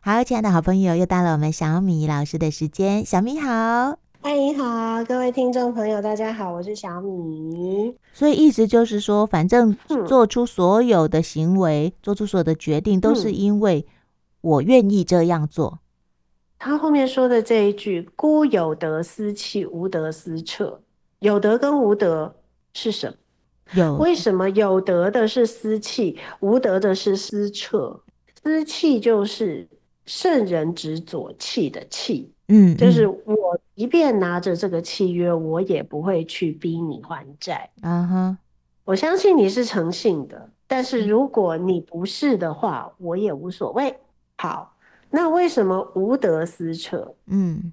好，親愛的好朋友，又到了我們小米老師的時間。小米好，嗨，你好，各位聽眾朋友，大家好，我是小米。所以，意思就是說，反正做出所有的行為，嗯、做出所有的決定，都是因為我願意這樣做、嗯。他後面說的這一句：“故有德司契；無德司徹。」有德跟無德是什麼？有為什麼有德的是司契，無德的是司徹？司契就是。”聖人執左契的契，嗯，嗯，就是我即便拿着這個契約，我也不會去逼你還債。啊哈、uh，huh、我相信你是誠信的，但是如果你不是的話，我也無所謂。好，那為什麼無德司徹？嗯，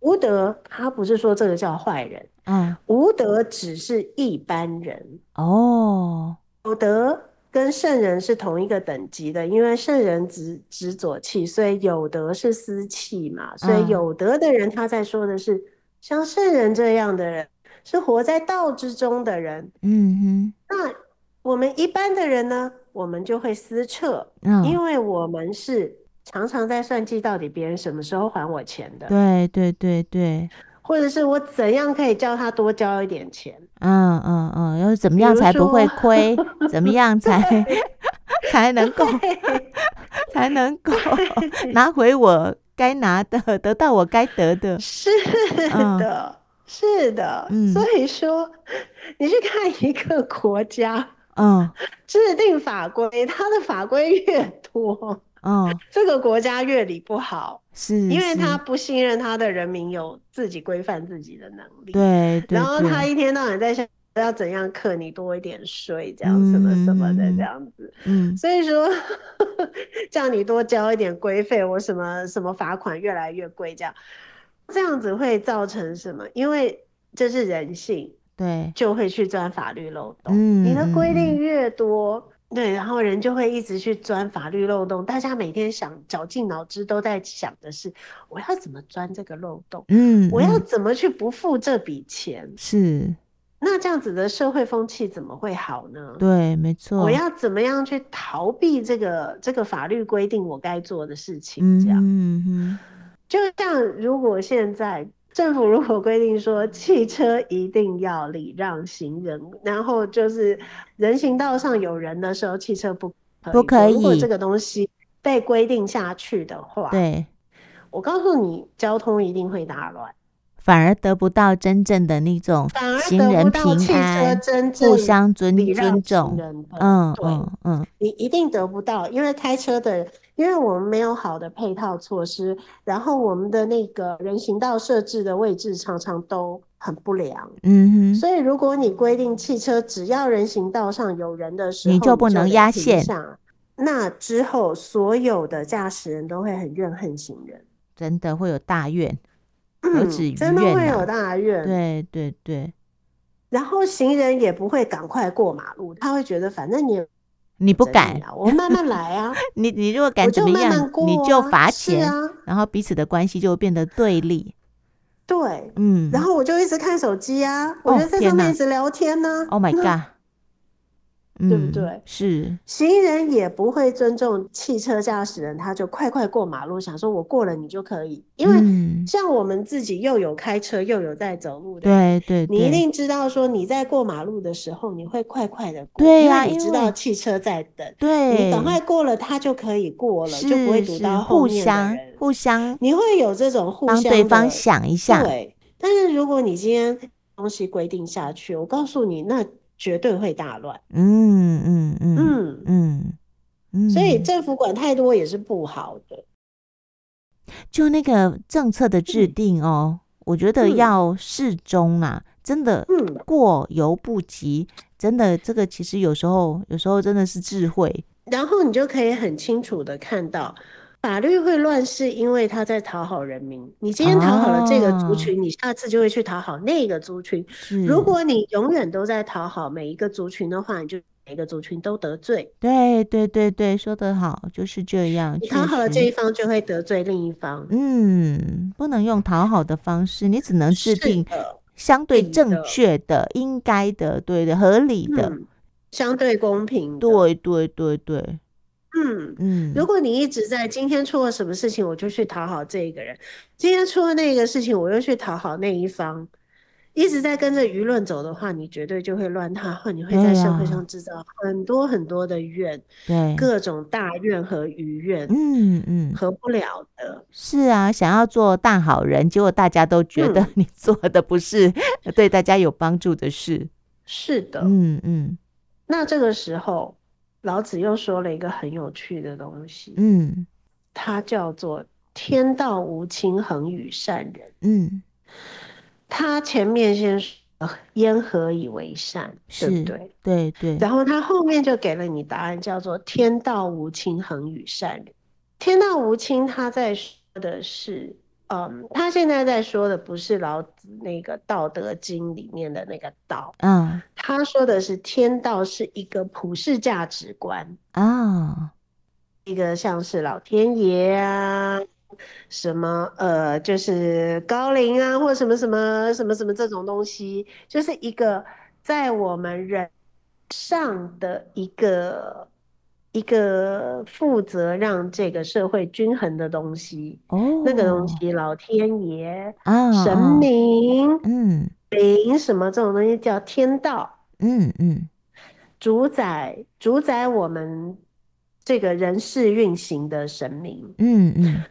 無德他不是說這個叫壞人，嗯，uh. 無德只是一般人。哦、oh，有德，跟聖人是同一個等級的，因為聖人執執左契，所以有德是司契嘛，嗯、所以有德的人他在說的是，像聖人這樣的人是活在道之中的人，嗯哼。那我們一般的人呢，我們就會司徹，嗯、因為我們是常常在算計到底別人什麼時候還我錢的，對對對對。或者是我怎樣可以叫他多交一點錢？嗯嗯嗯，要、嗯嗯、怎麼樣才不會虧？怎麼樣才 對才能夠對才能夠拿回我該拿的，對得到我該得的？是的，嗯、是的。所以說你去看一個國家，嗯，制定法規，它的法規越多。哦，oh, 這個國家越理不好，是，因為他不信任他的人民有自己規範自己的能力。對，對然後他一天到晚在想要怎樣課你多一點稅，這樣、嗯、什麼什麼的這樣子。嗯，所以說 叫你多交一點規費，我什麼什麼罰款越來越貴，這樣這樣子會造成什麼？因為這是人性，對，就會去鑽法律漏洞。嗯、你的規定越多。對，然後人就會一直去鑽法律漏洞。大家每天想絞盡腦汁，都在想的是：我要怎麼鑽這個漏洞？嗯，我要怎麼去不付這筆錢？是，那這樣子的社會風氣怎麼會好呢？對，沒錯。我要怎麼樣去逃避這個這個法律規定我該做的事情這樣。嗯哼，嗯嗯嗯就像如果現在。政府如果規定說汽車一定要禮讓行人，然後就是人行道上有人的時候，汽車不不可以。可以。如果這個東西被規定下去的話，對，我告訴你，交通一定會打亂。反而得不到真正的那種行人平安，不互相尊尊重。嗯嗯嗯，對嗯，你一定得不到，因為開車的，因為我們沒有好的配套措施，然後我們的那個人行道設置的位置常常都很不良。嗯哼。所以，如果你規定汽車只要人行道上有人的時候，你就不能壓線，那之後所有的駕駛人都會很怨恨行人，真的會有大怨。嗯，啊、真的會有大怨，對對對。然後行人也不會趕快過馬路，他會覺得反正你不、啊、你不敢，我慢慢來啊。 你你如果敢怎麼樣，我就慢慢過、啊，你就罰錢啊。然後彼此的關係就變得對立。對，嗯。然後我就一直看手機啊，我就在，在上面一直聊天呢、啊。哦天哪、oh my god！對不對？嗯、是行人也不會尊重汽車駕駛人，他就快快過馬路，想說我過了你就可以。因為像我們自己又有開車又有在走路的，對對，你一定知道說你在過馬路的時候你會快快的過，對呀、啊，因為你知道汽車在等，對你趕快過了他就可以過了，對就不會堵到後面，是是。互相，互相，你會有這種互相幫對方想一下。對，但是如果你今天東西規定下去，我告訴你那。絕對會大亂，嗯，嗯嗯嗯嗯嗯，嗯所以政府管太多也是不好的。就那個政策的制定哦，嗯、我覺得要適中啊，嗯、真的過猶不及，嗯、真的這個其實有時候有時候真的是智慧。然後你就可以很清楚的看到。法律會亂，是因為他在討好人民。你今天討好了這個族群，哦、你下次就會去討好那個族群。是如果你永遠都在討好每一個族群的話，你就每個族群都得罪。對對對對，說得好，就是這樣。你討好了這一方，就會得罪另一方。嗯，不能用討好的方式，你只能制定相對正確的、的應該的、對的、合理的、嗯、相對公平。對對對對。嗯嗯，如果你一直在今天出了什麼事情，我就去討好這一個人；今天出了那個事情，我又去討好那一方。一直在跟着輿論走的話，你絕對就會亂套，你會在社會上制造很多很多的怨，對、啊、各種大怨和餘怨。嗯嗯對，合不了的、嗯。是啊，想要做大好人，結果大家都覺得你做的不是對大家有幫助的事。是的，嗯嗯。嗯，那這個時候。老子又說了一個很有趣的東西，嗯，他叫做“天道無親，恆與善人”。嗯，他前面先說“焉何以為善”，是對不對？對對。然後他後面就給了你答案，叫做“天道無親，恆與善人”。天道無親，他在說的是。嗯，um, 他現在在說的不是老子那個《道德經》裡面的那個道，嗯，他說的是天道是一個普世價值觀啊，嗯、一個像是老天爺啊，什麼呃，就是高靈啊，或什麼什麼什麼什麼這種東西，就是一個在我們人上的一個。一個負責讓這個社會均衡的東西，哦、那個東西，老天爺、啊、神明，嗯，靈什麼這種東西叫天道，嗯嗯，嗯主宰主宰我們這個人事運行的神明，嗯嗯，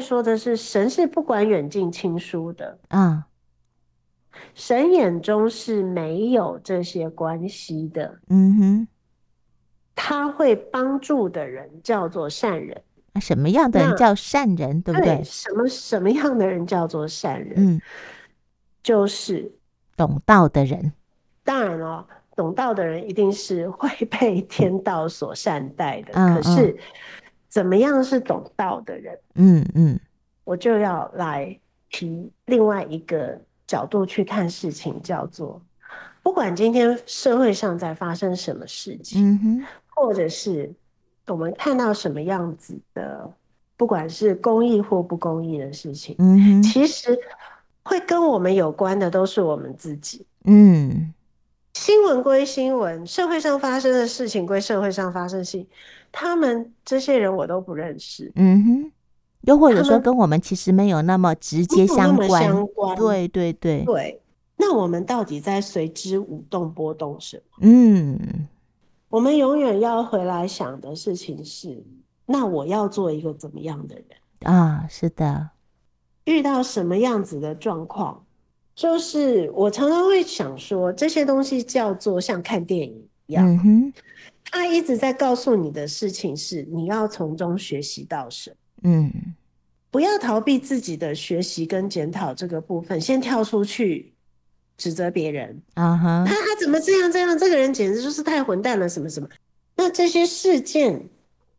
嗯說的是神是不管遠近親疏的，啊，神眼中是沒有這些關係的，嗯哼。他會幫助的人叫做善人，什麼樣的人叫善人？對不對？什麼什麼樣的人叫做善人？嗯，就是懂道的人。當然了，哦，懂道的人一定是會被天道所善待的。嗯，可是，嗯，怎麼樣是懂道的人？嗯嗯，嗯，我就要來提另外一個角度去看事情，叫做不管今天社會上在發生什麼事情，嗯哼或者是我們看到什麼樣子的，不管是公益或不公益的事情，嗯哼，其實會跟我們有關的都是我們自己。嗯，新聞歸新聞，社會上發生的事情歸社會上發生的事情，他們這些人我都不認識。嗯哼，又或者說跟我們其實沒有那麼直接相關，相關，對對對對。那我們到底在隨之舞動波動什麼？嗯。我們永遠要回來想的事情是：那我要做一個怎麼樣的人啊？是的，遇到什麼樣子的狀況，就是我常常會想說，這些東西叫做像看電影一樣，他、嗯哼啊、一直在告訴你的事情是你要從中學習到什麼？嗯，不要逃避自己的學習跟檢討這個部分，先跳出去。指責別人，uh huh. 他他怎麼這樣這樣？這個人簡直就是太混蛋了，什麼什麼？那這些事件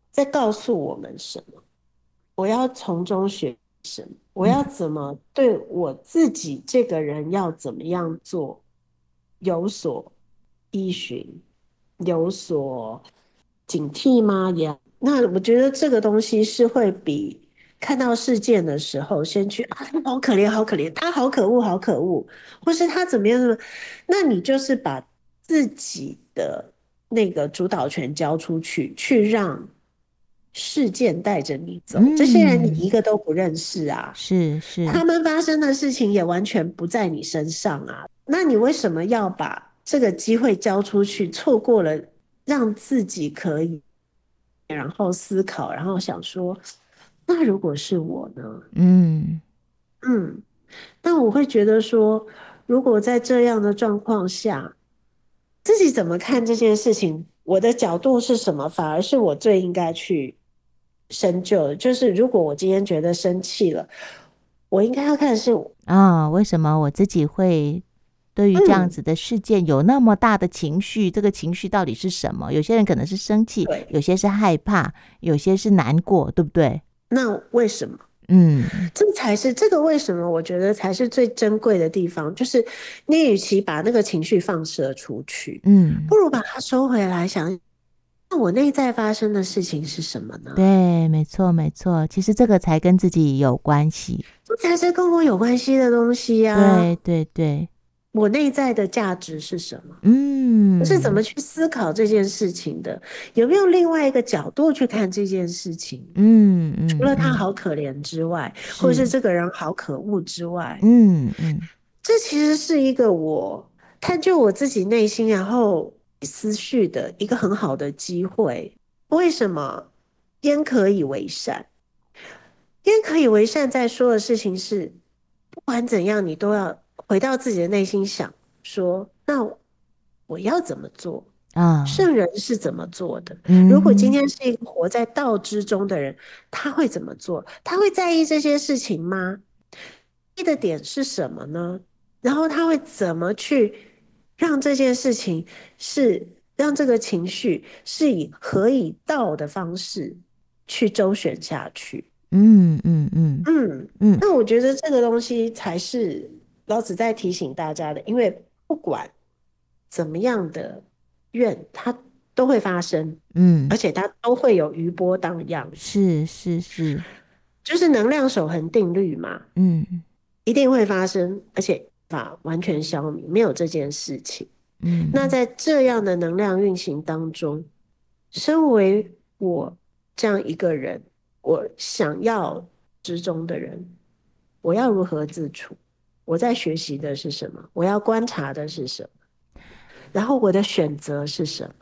在告訴我們什麼？我要從中學什麼？我要怎麼對我自己這個人要怎麼樣做？嗯、有所依循，有所警惕嗎？也那我覺得這個東西是會比。看到事件的時候，先去啊，好可憐，好可憐，他好可惡，好可惡，或是他怎麼樣的？那你就是把自己的那個主導權交出去，去讓事件帶着你走。這些人你一個都不認識啊，是、嗯、是、是，他們發生的事情也完全不在你身上啊。那你為什麼要把這個機會交出去？錯過了讓自己可以，然後思考，然後想說。那如果是我呢？嗯嗯，那我會覺得說，如果在這樣的狀況下，自己怎麼看這件事情？我的角度是什麼？反而是我最應該去深究的。就是如果我今天覺得生氣了，我應該要看的是啊、哦，為什麼我自己會對於這樣子的事件有那麼大的情緒？嗯、這個情緒到底是什麼？有些人可能是生氣，對有些是害怕，有些是難過，對不對？那為什麼？嗯，這才是這個為什麼我覺得才是最珍貴的地方，就是你與其把那個情緒放射出去，嗯，不如把它收回來想，想那我內在發生的事情是什麼呢？對，沒錯，沒錯。其實這個才跟自己有關係，這才是跟我有關係的東西呀、啊。對對對，我內在的價值是什麼？嗯，我是怎麼去思考這件事情的？有沒有另外一個角度去看這件事情？嗯。除了他好可憐之外，嗯嗯、或者是這個人好可惡之外，嗯嗯，嗯，這其實是一個我探究我自己內心，然後思緒的一個很好的機會。為什麼天可以為善？天可以為善？在說的事情是，不管怎樣，你都要回到自己的內心想說，那我要怎麼做？Uh, 聖人是怎麼做的？Mm hmm. 如果今天是一個活在道之中的人，他會怎麼做？他會在意這些事情嗎？一的點是什麼呢？然後他會怎麼去讓這件事情，是讓這個情緒是以何以道的方式去周旋下去？嗯嗯嗯嗯嗯。那我覺得這個東西才是老子在提醒大家的，因為不管怎麼樣的。願它都會發生，嗯，而且它都會有餘波盪漾，是是是，是是就是能量守恆定律嘛，嗯，一定會發生，而且無法完全消弭，沒有這件事情，嗯。那在這樣的能量運行當中，身為我這樣一個人，我想要之中的人，我要如何自處？我在學習的是什麼？我要觀察的是什麼？然後我的選擇是什麼？